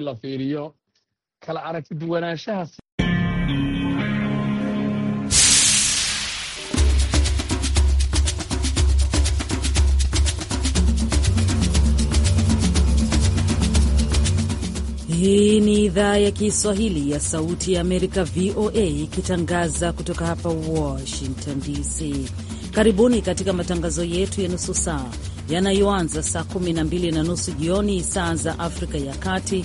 la fiiriyo kala aragti duwanaanshaha Hii ni idhaa ya Kiswahili ya Sauti ya Amerika, VOA, ikitangaza kutoka hapa Washington DC. Karibuni katika matangazo yetu ya nusu saa yanayoanza saa 12 na nusu jioni saa za Afrika ya Kati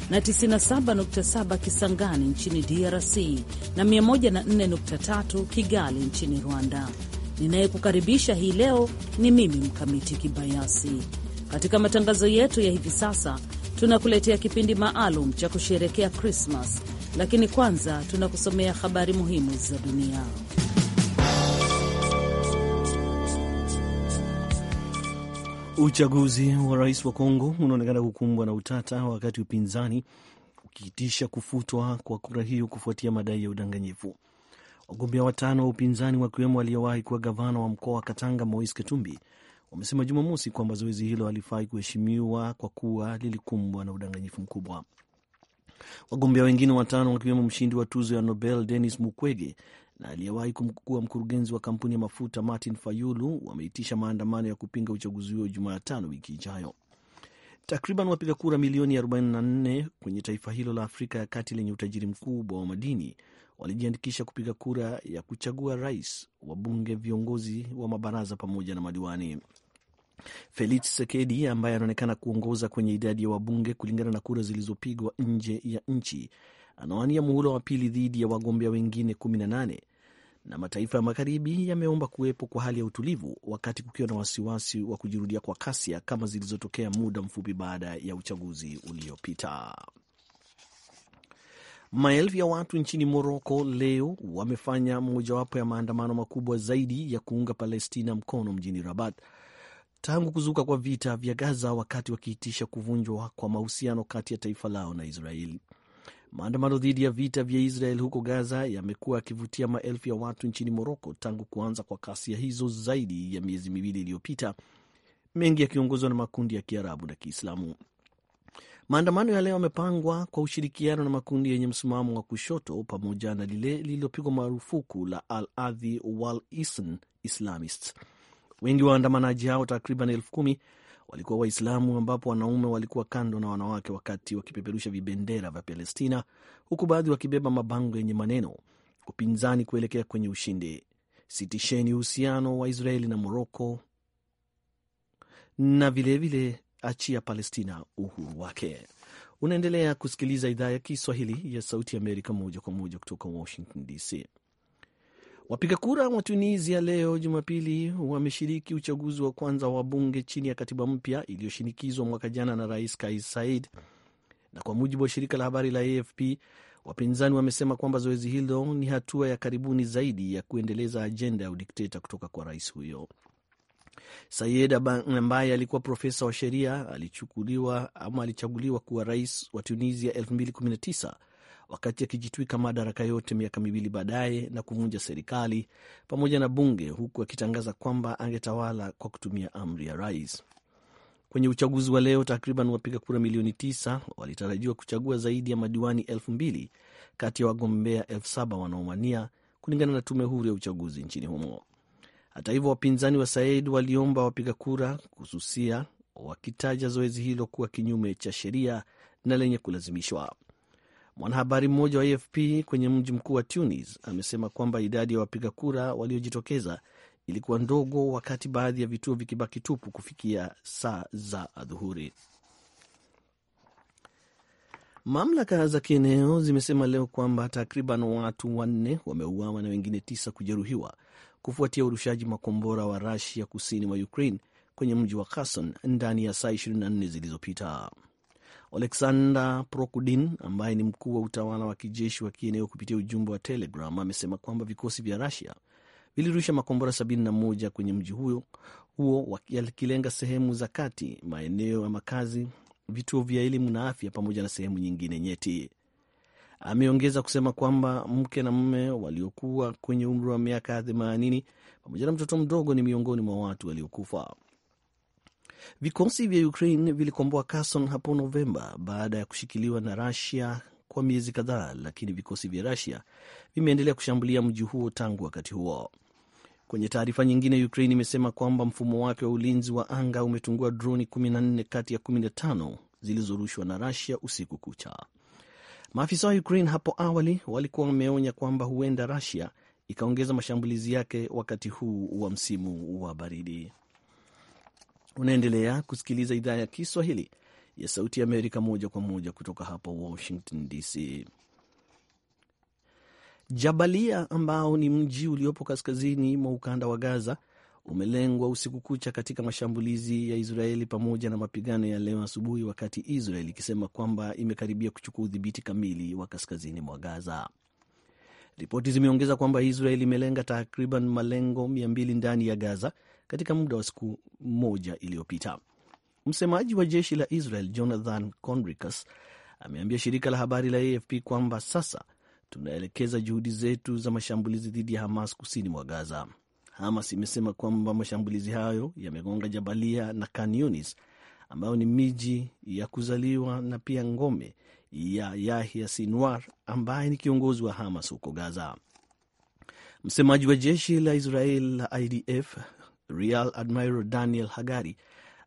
na 97.7 Kisangani nchini DRC na 104.3 Kigali nchini Rwanda. Ninayekukaribisha hii leo ni mimi Mkamiti Kibayasi. Katika matangazo yetu ya hivi sasa tunakuletea kipindi maalum cha kusherekea Krismas, lakini kwanza tunakusomea habari muhimu za dunia. Uchaguzi wa rais wa Kongo unaonekana kukumbwa na utata, wakati upinzani ukiitisha kufutwa kwa kura hiyo kufuatia madai ya udanganyifu. Wagombea watano wa upinzani wakiwemo aliyewahi kuwa gavana wa mkoa wa Katanga Moise Katumbi wamesema Jumamosi kwamba zoezi hilo halifai kuheshimiwa kwa kuwa lilikumbwa na udanganyifu mkubwa. Wagombea wengine watano wakiwemo mshindi wa tuzo ya Nobel Denis Mukwege na aliyewahi kuwa mkurugenzi wa kampuni ya mafuta Martin Fayulu wameitisha maandamano ya kupinga uchaguzi huo Jumatano wiki ijayo. Takriban wapiga kura milioni 44 kwenye taifa hilo la Afrika ya kati lenye utajiri mkubwa wa madini walijiandikisha kupiga kura ya kuchagua rais, wabunge, viongozi wa mabaraza pamoja na madiwani. Felix Tshisekedi ambaye anaonekana kuongoza kwenye idadi ya wabunge kulingana na kura zilizopigwa nje ya nchi anawania muhula wa pili dhidi ya wagombea wengine na mataifa ya magharibi yameomba kuwepo kwa hali ya utulivu wakati kukiwa na wasiwasi wa kujirudia kwa kasia kama zilizotokea muda mfupi baada ya uchaguzi uliopita. Maelfu ya watu nchini Moroko leo wamefanya mojawapo ya maandamano makubwa zaidi ya kuunga Palestina mkono mjini Rabat tangu kuzuka kwa vita vya Gaza, wakati wakiitisha kuvunjwa kwa mahusiano kati ya taifa lao na Israeli. Maandamano dhidi ya vita vya Israel huko Gaza yamekuwa yakivutia maelfu ya watu nchini Moroko tangu kuanza kwa kasia hizo zaidi ya miezi miwili iliyopita, mengi yakiongozwa na makundi ya Kiarabu na Kiislamu. Maandamano ya leo yamepangwa kwa ushirikiano na makundi yenye msimamo wa kushoto pamoja na lile lililopigwa marufuku la Al Adhi wal Isn Islamists. Wengi wa waandamanaji hao takriban elfu kumi walikuwa Waislamu, ambapo wanaume walikuwa kando na wanawake wakati wakipeperusha vibendera vya Palestina, huku baadhi wakibeba mabango yenye maneno upinzani kuelekea kwenye ushindi, sitisheni uhusiano wa Israeli na Moroko, na vilevile vile achia Palestina uhuru wake. Unaendelea kusikiliza idhaa ya Kiswahili ya Sauti ya Amerika moja kwa moja kutoka Washington DC. Wapiga kura wa Tunisia leo Jumapili wameshiriki uchaguzi wa kwanza wa bunge chini ya katiba mpya iliyoshinikizwa mwaka jana na Rais Kais Said, na kwa mujibu wa shirika la habari la AFP, wapinzani wamesema kwamba zoezi hilo ni hatua ya karibuni zaidi ya kuendeleza ajenda ya udikteta kutoka kwa rais huyo. Sayed ambaye alikuwa profesa wa sheria alichukuliwa ama alichaguliwa kuwa rais wa Tunisia wakati akijitwika madaraka yote miaka miwili baadaye na kuvunja serikali pamoja na bunge, huku akitangaza kwamba angetawala kwa kutumia amri ya rais. Kwenye uchaguzi wa leo, takriban wapiga kura milioni tisa walitarajiwa kuchagua zaidi ya madiwani elfu mbili kati ya wagombea elfu saba wanaowania kulingana na tume huru ya uchaguzi nchini humo. Hata hivyo, wapinzani wa Said waliomba wapiga kura kususia, wakitaja zoezi hilo kuwa kinyume cha sheria na lenye kulazimishwa. Mwanahabari mmoja wa AFP kwenye mji mkuu wa Tunis amesema kwamba idadi ya wapiga kura waliojitokeza ilikuwa ndogo, wakati baadhi ya vituo vikibaki tupu kufikia saa za adhuhuri. Mamlaka za kieneo zimesema leo kwamba takriban watu wanne wameuawa na wengine tisa kujeruhiwa kufuatia urushaji makombora wa Rasia kusini mwa Ukraine kwenye mji wa Kherson ndani ya saa 24 zilizopita. Oleksandr Prokudin ambaye ni mkuu wa utawala wa kijeshi wa kieneo kupitia ujumbe wa Telegram amesema kwamba vikosi vya Rusia vilirusha makombora 71 kwenye mji huo huo yakilenga sehemu za kati, maeneo ya makazi, vituo vya elimu na afya, pamoja na sehemu nyingine nyeti. Ameongeza kusema kwamba mke na mume waliokuwa kwenye umri wa miaka 80 pamoja na mtoto mdogo ni miongoni mwa watu waliokufa. Vikosi vya Ukraine vilikomboa Kherson hapo Novemba baada ya kushikiliwa na Russia kwa miezi kadhaa, lakini vikosi vya Russia vimeendelea kushambulia mji huo tangu wakati huo. Kwenye taarifa nyingine, Ukraine imesema kwamba mfumo wake wa ulinzi wa anga umetungua droni 14 kati ya 15 zilizorushwa na Russia usiku kucha. Maafisa wa Ukraine hapo awali walikuwa wameonya kwamba huenda Russia ikaongeza mashambulizi yake wakati huu wa msimu wa baridi. Unaendelea kusikiliza idhaa ya Kiswahili ya Sauti ya Amerika moja kwa moja kutoka hapa Washington DC. Jabalia ambao ni mji uliopo kaskazini mwa ukanda wa Gaza umelengwa usiku kucha katika mashambulizi ya Israeli pamoja na mapigano ya leo asubuhi, wakati Israel ikisema kwamba imekaribia kuchukua udhibiti kamili wa kaskazini mwa Gaza. Ripoti zimeongeza kwamba Israel imelenga takriban malengo mia ndani ya Gaza katika muda wa siku moja iliyopita. Msemaji wa jeshi la Israel Jonathan Conricus ameambia shirika la habari la AFP kwamba sasa tunaelekeza juhudi zetu za mashambulizi dhidi ya Hamas kusini mwa Gaza. Hamas imesema kwamba mashambulizi hayo yamegonga Jabalia na Khan ambayo ni miji ya kuzaliwa na pia ngome ya Yahya Sinwar ambaye ni kiongozi wa Hamas huko Gaza. Msemaji wa jeshi la Israel la IDF Real Admiral Daniel Hagari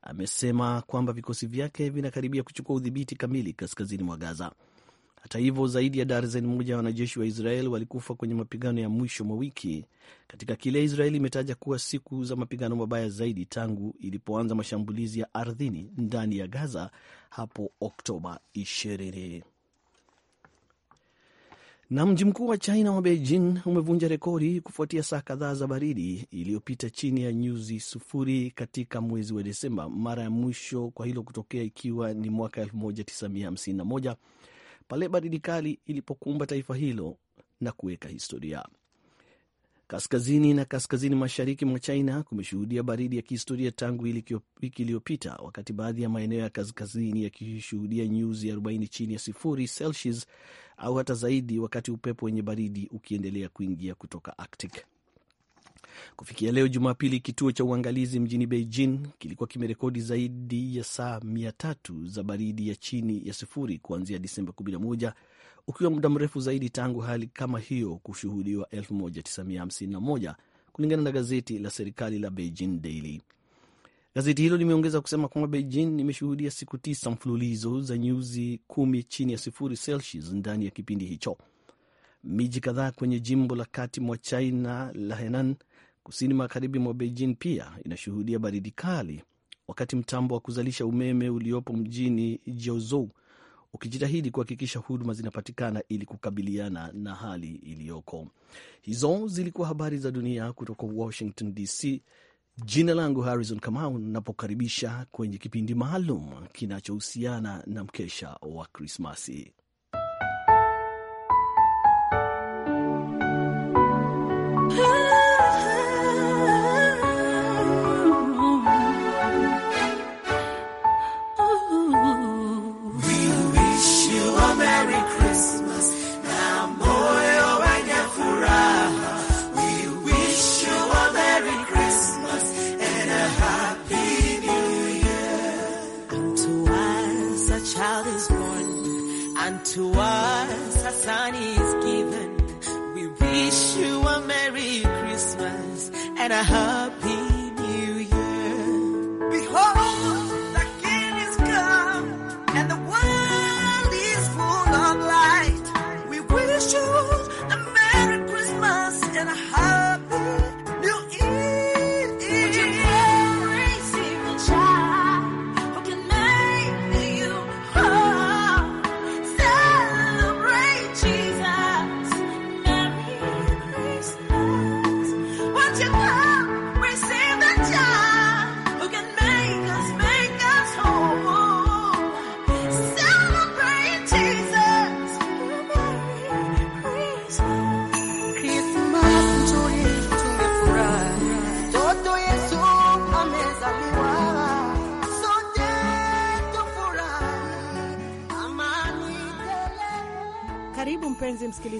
amesema kwamba vikosi vyake vinakaribia kuchukua udhibiti kamili kaskazini mwa Gaza. Hata hivyo, zaidi ya darzeni moja ya wanajeshi wa Israel walikufa kwenye mapigano ya mwisho mwa wiki katika kile israel imetaja kuwa siku za mapigano mabaya zaidi tangu ilipoanza mashambulizi ya ardhini ndani ya Gaza hapo Oktoba 20. Na mji mkuu wa China wa Beijing umevunja rekodi kufuatia saa kadhaa za baridi iliyopita chini ya nyuzi sufuri katika mwezi wa Desemba, mara ya mwisho kwa hilo kutokea ikiwa ni mwaka 1951 pale baridi kali ilipokumba taifa hilo na kuweka historia. Kaskazini na kaskazini mashariki mwa China kumeshuhudia baridi ya kihistoria tangu wiki iliyopita, wakati baadhi ya maeneo ya kaskazini yakishuhudia nyuzi 40 chini ya sifuri Celsius au hata zaidi, wakati upepo wenye baridi ukiendelea kuingia kutoka Arctic. Kufikia leo Jumapili, kituo cha uangalizi mjini Beijing kilikuwa kimerekodi zaidi ya saa mia tatu za baridi ya chini ya sifuri kuanzia Disemba ukiwa muda mrefu zaidi tangu hali kama hiyo kushuhudiwa 1951 kulingana na gazeti la serikali la Beijing Daily. Gazeti hilo limeongeza kusema kwamba Beijing imeshuhudia siku tisa mfululizo za nyuzi kumi chini ya sifuri Celsius ndani ya kipindi hicho. Miji kadhaa kwenye jimbo la kati mwa China la Henan, kusini magharibi mwa Beijing, pia inashuhudia baridi kali, wakati mtambo wa kuzalisha umeme uliopo mjini Jiuzhou ukijitahidi kuhakikisha huduma zinapatikana ili kukabiliana na hali iliyoko. Hizo zilikuwa habari za dunia kutoka Washington DC. Jina langu Harrison Kamau, napokaribisha kwenye kipindi maalum kinachohusiana na mkesha wa Krismasi. I hug.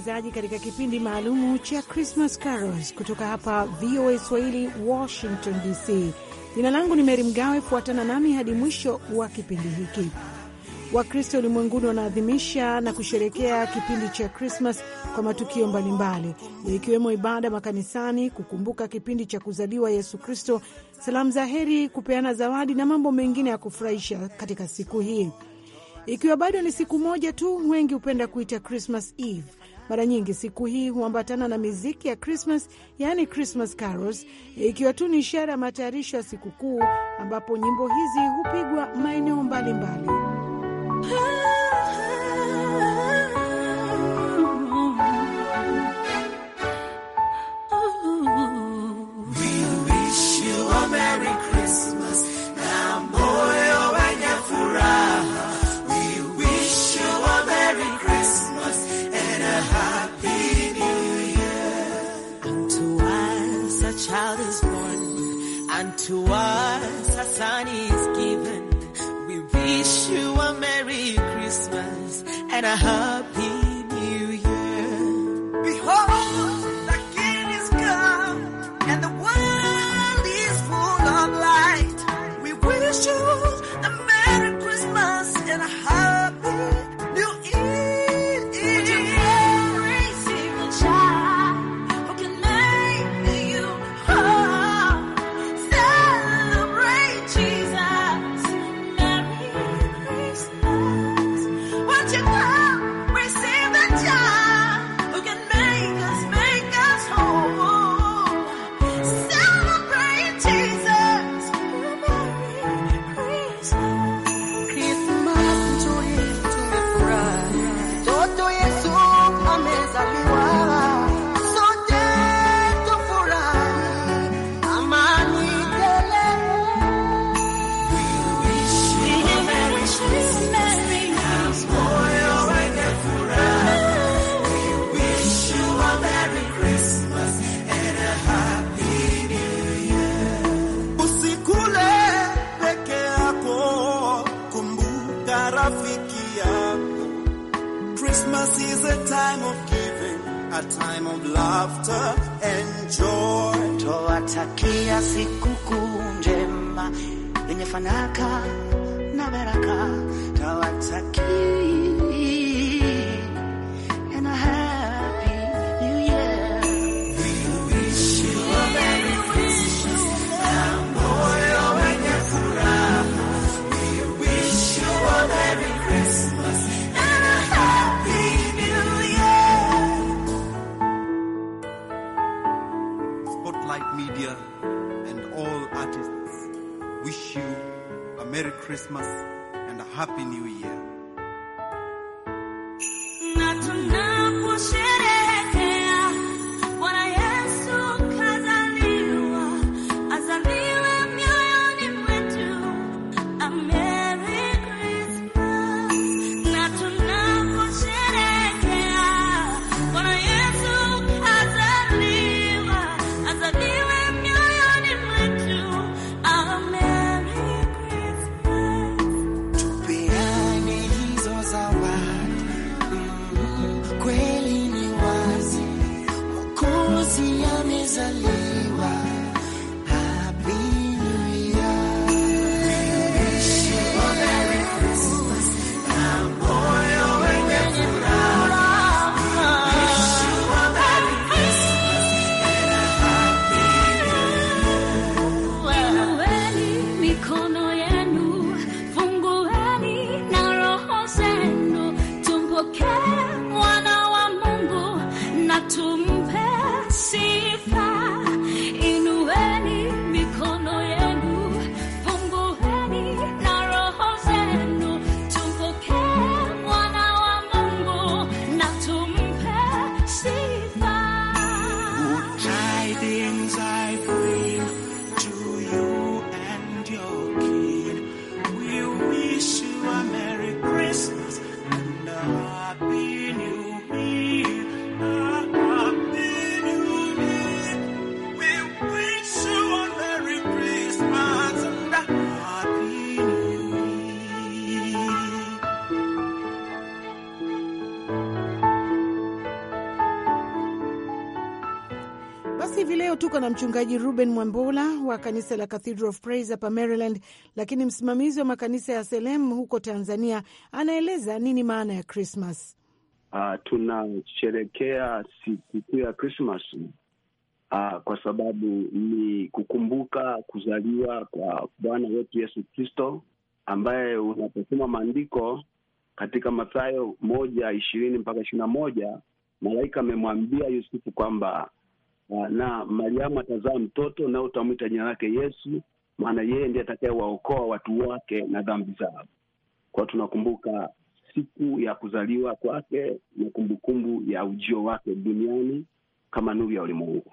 msikilizaji, katika kipindi maalumu cha Christmas Carols kutoka hapa VOA Swahili, Washington DC. Jina langu ni Meri Mgawe, fuatana nami hadi mwisho wa kipindi hiki. Wakristo ulimwenguni wanaadhimisha na kusherekea kipindi cha Krismas kwa matukio mbalimbali, ikiwemo ibada makanisani, kukumbuka kipindi cha kuzaliwa Yesu Kristo, salamu za heri, kupeana zawadi na mambo mengine ya kufurahisha katika siku hii. Ikiwa bado ni siku moja tu, wengi hupenda kuita Christmas Eve mara nyingi siku hii huambatana na miziki ya Krismas, yaani Christmas carols, ikiwa tu ni ishara ya matayarisho ya sikukuu, ambapo nyimbo hizi hupigwa maeneo mbalimbali. to us a son is given. We wish you a Merry Christmas and a happy Tuko na mchungaji Ruben Mwambola wa kanisa la Cathedral of Praise hapa Maryland, lakini msimamizi wa makanisa ya Selem huko Tanzania, anaeleza nini maana ya Krismas. Uh, ah, tunasherekea sikukuu ya Krismas uh, ah, kwa sababu ni kukumbuka kuzaliwa kwa Bwana wetu Yesu Kristo, ambaye unaposoma maandiko katika Mathayo moja ishirini mpaka ishirini na moja malaika amemwambia Yusufu kwamba Ah, na Mariamu atazaa mtoto na utamwita jina lake Yesu, maana yeye ndiye atakayewaokoa watu wake na dhambi zao. Kwa tunakumbuka siku ya kuzaliwa kwake na kumbukumbu ya ujio wake duniani kama nuru ya ulimwengu.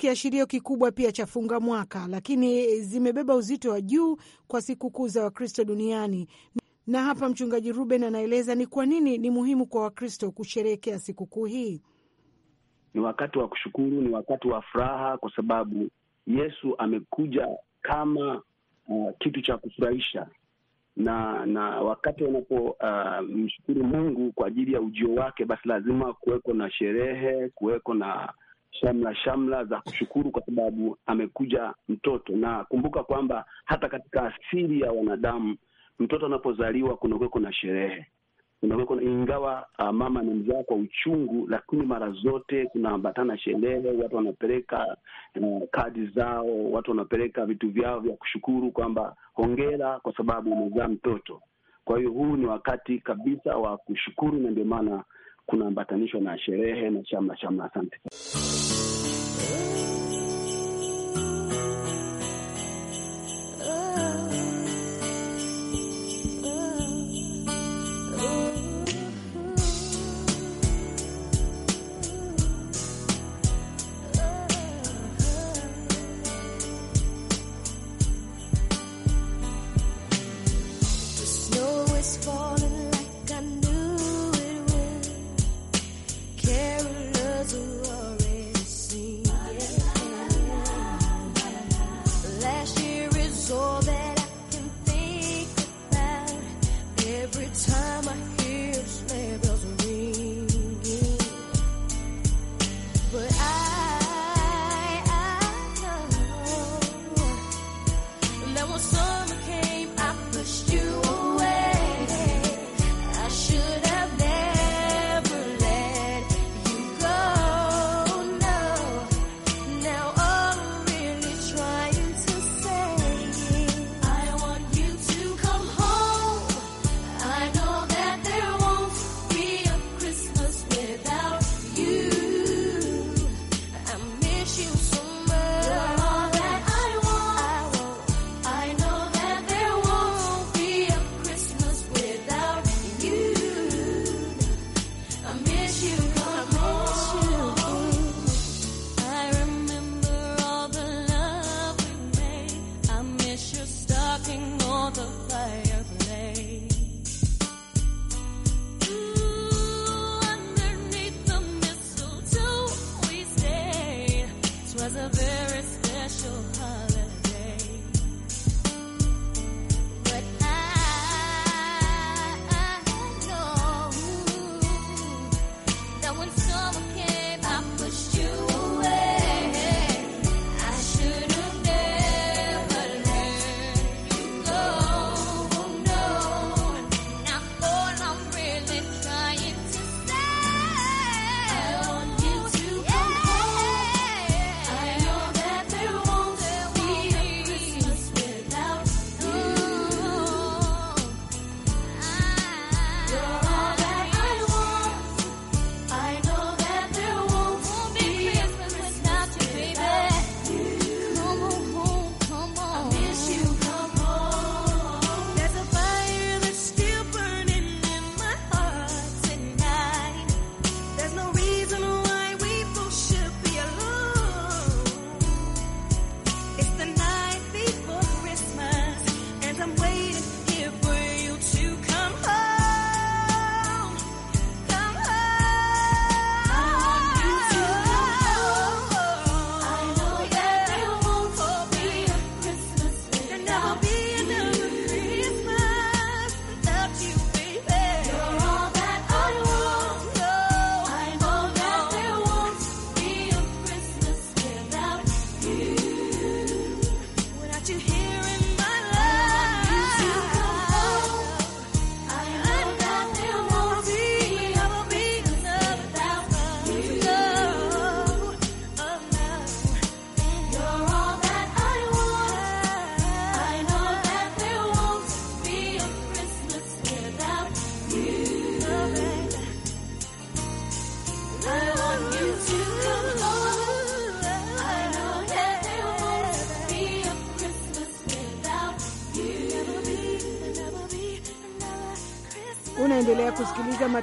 kiashirio kikubwa pia cha funga mwaka, lakini zimebeba uzito wa juu kwa sikukuu za Wakristo duniani. Na hapa mchungaji Ruben anaeleza ni kwa nini ni muhimu kwa Wakristo kusherehekea sikukuu hii. Ni wakati wa kushukuru, ni wakati wa furaha, kwa sababu Yesu amekuja kama uh, kitu cha kufurahisha na na wakati wanapomshukuru uh, Mungu kwa ajili ya ujio wake, basi lazima kuweko na sherehe, kuweko na shamla shamla za kushukuru kwa sababu amekuja mtoto. Na kumbuka kwamba hata katika asili ya wanadamu mtoto anapozaliwa kunakuweko na sherehe, kunakuweko ingawa uh, mama anamzaa kwa uchungu, lakini mara zote kunaambatana sherehe. Watu wanapeleka um, kadi zao, watu wanapeleka vitu vyao vya kushukuru kwamba hongera kwa sababu umezaa mtoto. Kwa hiyo huu ni wakati kabisa wa kushukuru, na ndio maana kunaambatanishwa na sherehe na shamla shamla. Asante.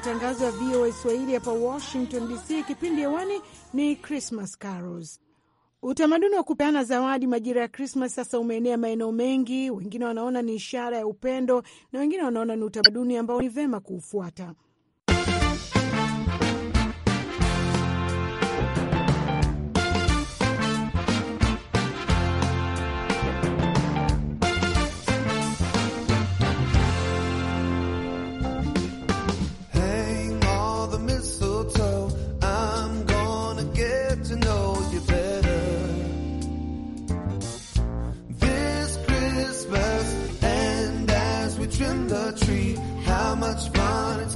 matangazo ya VOA Swahili hapa Washington DC. Kipindi hewani ni Christmas Carols. Utamaduni wa kupeana zawadi majira ya Krismas sasa umeenea maeneo mengi. Wengine wanaona ni ishara ya upendo na wengine wanaona ni utamaduni ambao ni vema kuufuata.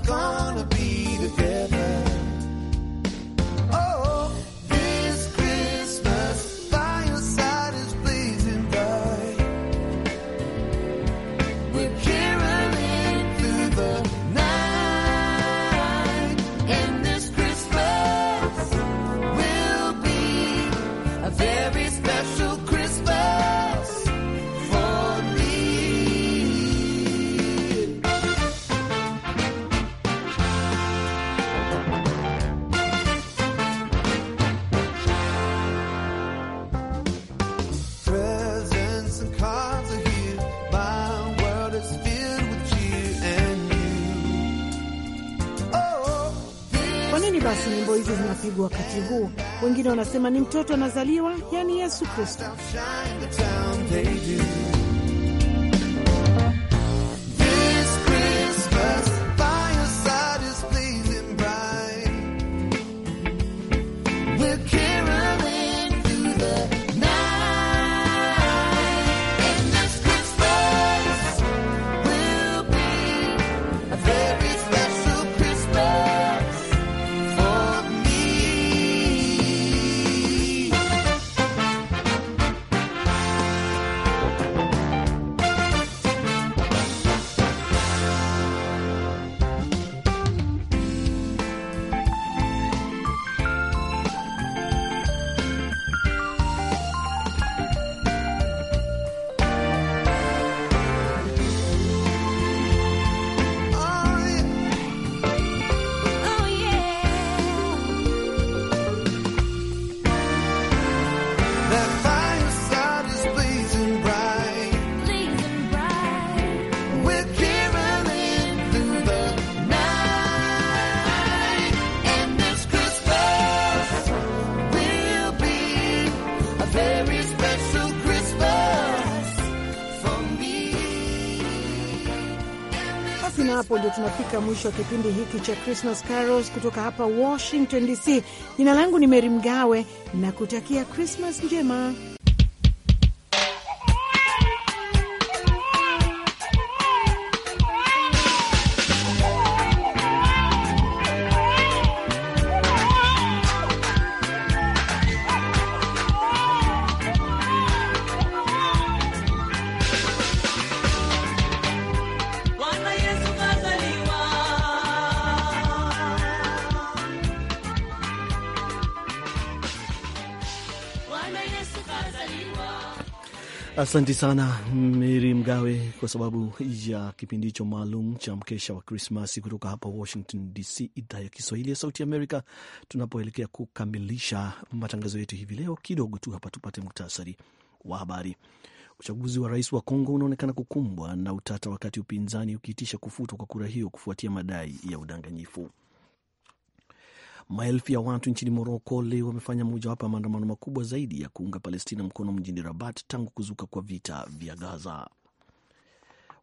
gonna be tangu wakati huo. Wengine wanasema ni mtoto anazaliwa, yani Yesu Kristo. na hapo ndio tunafika mwisho wa kipindi hiki cha Christmas Carols kutoka hapa Washington DC. Jina langu ni Meri Mgawe na kutakia Krismas njema. Asante sana Mary Mgawe kwa sababu ya kipindi hicho maalum cha mkesha wa Krismasi kutoka hapa Washington DC, idhaa ya Kiswahili ya Sauti Amerika, tunapoelekea kukamilisha matangazo yetu hivi leo. Kidogo tu hapa tupate muktasari wa habari. Uchaguzi wa rais wa Kongo unaonekana kukumbwa na utata, wakati upinzani ukiitisha kufutwa kwa kura hiyo kufuatia madai ya udanganyifu. Maelfu ya watu nchini Moroko leo wamefanya mojawapo ya maandamano makubwa zaidi ya kuunga Palestina mkono mjini Rabat tangu kuzuka kwa vita vya Gaza.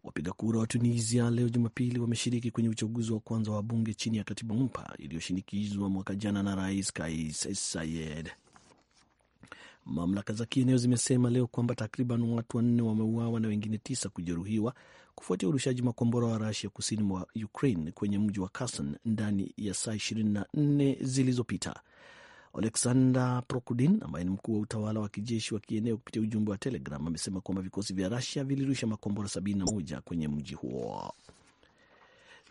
Wapiga kura wa Tunisia leo Jumapili wameshiriki kwenye uchaguzi wa kwanza wa bunge chini ya katiba mpya iliyoshinikizwa mwaka jana na Rais Kais Saied. Mamlaka za kieneo zimesema leo kwamba takriban watu wanne wameuawa na wengine tisa kujeruhiwa kufuatia urushaji makombora wa Rasia kusini mwa Ukraine kwenye mji wa Kherson ndani ya saa 24 zilizopita. Alexander Prokudin ambaye ni mkuu wa utawala wa kijeshi wa kieneo kupitia ujumbe wa Telegram amesema kwamba vikosi vya Rasia vilirusha makombora 71 kwenye mji huo.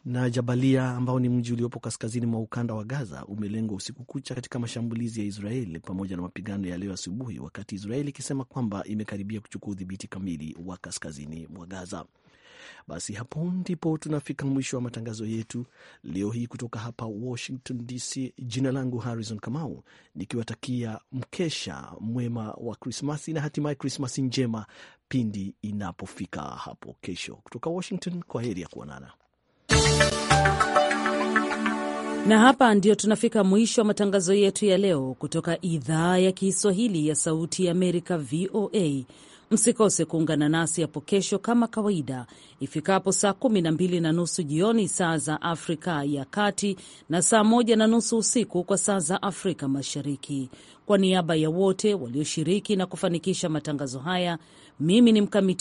Na Jabalia ambao ni mji uliopo kaskazini mwa ukanda wa Gaza umelengwa usiku kucha katika mashambulizi ya Israeli pamoja na mapigano ya leo asubuhi, wakati Israeli ikisema kwamba imekaribia kuchukua udhibiti kamili wa kaskazini mwa Gaza. Basi hapo ndipo tunafika mwisho wa matangazo yetu leo hii kutoka hapa Washington DC. Jina langu Harrison Kamau, nikiwatakia mkesha mwema wa Krismasi na hatimaye Krismasi njema pindi inapofika hapo kesho. Kutoka Washington, kwa heri ya kuonana. Na hapa ndio tunafika mwisho wa matangazo yetu ya leo kutoka idhaa ya Kiswahili ya Sauti ya Amerika, VOA. Msikose kuungana nasi hapo kesho kama kawaida ifikapo saa kumi na mbili na nusu jioni saa za Afrika ya Kati na saa moja na nusu usiku kwa saa za Afrika Mashariki. Kwa niaba ya wote walioshiriki na kufanikisha matangazo haya, mimi ni Mkamiti